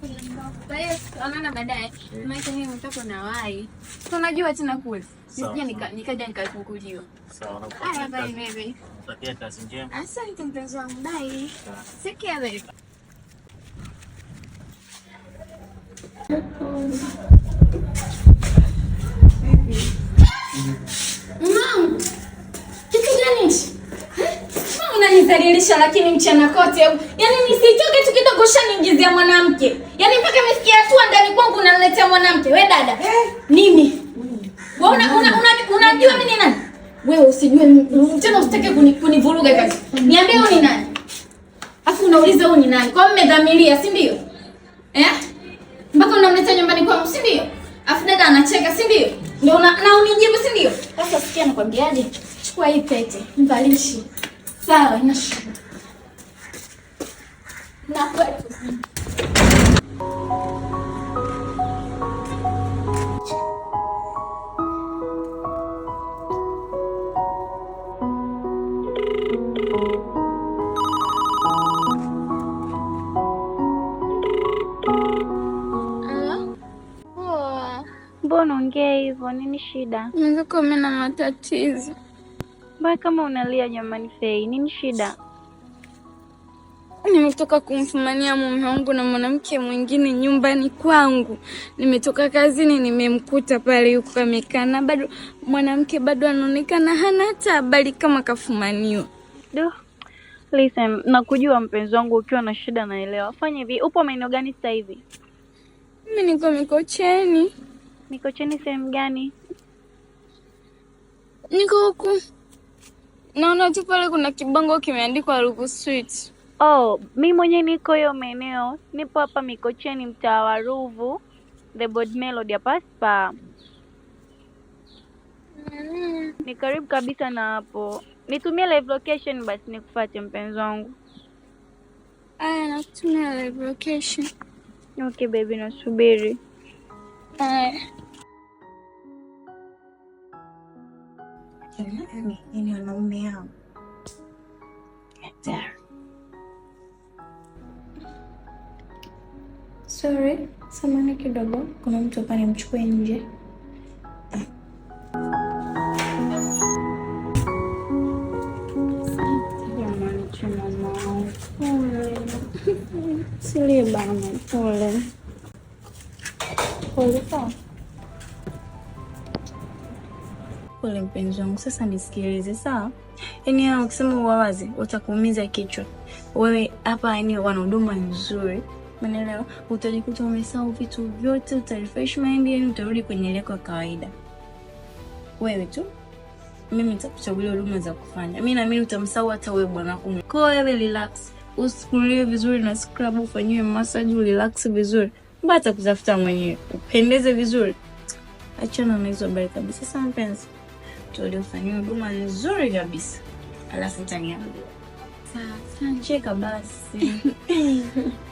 Tunaonana baadaye. Maana na wai. Tunajua tena kule. Nisije nikaja nikakukujiwa. nizalilisha yaani lakini mchana kote, yaani nisitoke tu kidogo, shaniingizia mwanamke, yaani mpaka imefikia hatua ndani kwangu unaniletea mwanamke. We dada eh? nini? Wewe una, una, unajua mimi ni nani? Wewe usijue tena, usitake kunivuruga kazi. Niambie wewe ni nani, afu unauliza wewe ni nani? Kwa mmedhamiria, si ndio? Eh, mpaka unamleta nyumbani kwangu, si ndio? Afu dada anacheka, si ndio? Ndio na unijibu, si ndio? Sasa sikia, nakwambiaje, chukua hii pete, mvalishi Sawa, na shida. Na kwetu. hivyo? Nini shida? Mziko, mimi na matatizo Mbona kama unalia jamani? Fei, nini shida? Nimetoka kumfumania mume wangu na mwanamke mwingine nyumbani kwangu. Nimetoka kazini, nimemkuta pale yuko amekaa, na bado mwanamke bado anaonekana hana hata habari kama kafumaniwa. Do, listen, nakujua mpenzi wangu, ukiwa na shida naelewa. Fanya hivi, upo maeneo gani sasa hivi? Mimi niko Mikocheni. Mikocheni sehemu gani? Niko huku Naona tu pale kuna kibango kimeandikwa Rugu Sweet. Oh, mi mwenye niko hiyo maeneo, nipo hapa Mikocheni, mtaa wa Ruvu, The Board Melody hapa spa. Mm-hmm. Ni karibu kabisa na hapo. Nitumie live location basi nikufuate mpenzi wangu. Aya, nakutumia live location. Okay baby, nasubiri. Aya. akina nani, yani wanaume Sorry, samani kidogo, kuna mtu pale, mchukue nje. Silie pole. Pole sana. pole mpenzi wangu, sasa nisikilize sawa. Yaani hao ukisema uwawazi utakuumiza kichwa wewe. Hapa yani wana huduma nzuri, unaelewa? Utajikuta umesahau vitu vyote, uta refresh mind, yani utarudi kwenye ile kwa kawaida. Wewe tu mimi nitakuchagulia huduma za kufanya. Mimi na mimi utamsahau hata wewe bwana wako. Kwa wewe relax, usikulie vizuri na scrub, ufanyiwe massage, relax vizuri, Mbata kutafuta mwenyewe, upendeze vizuri. Achana na hizo habari kabisa, mpenzi tuliofanyia huduma nzuri kabisa, alafu utaniambia. Sasa, cheka basi.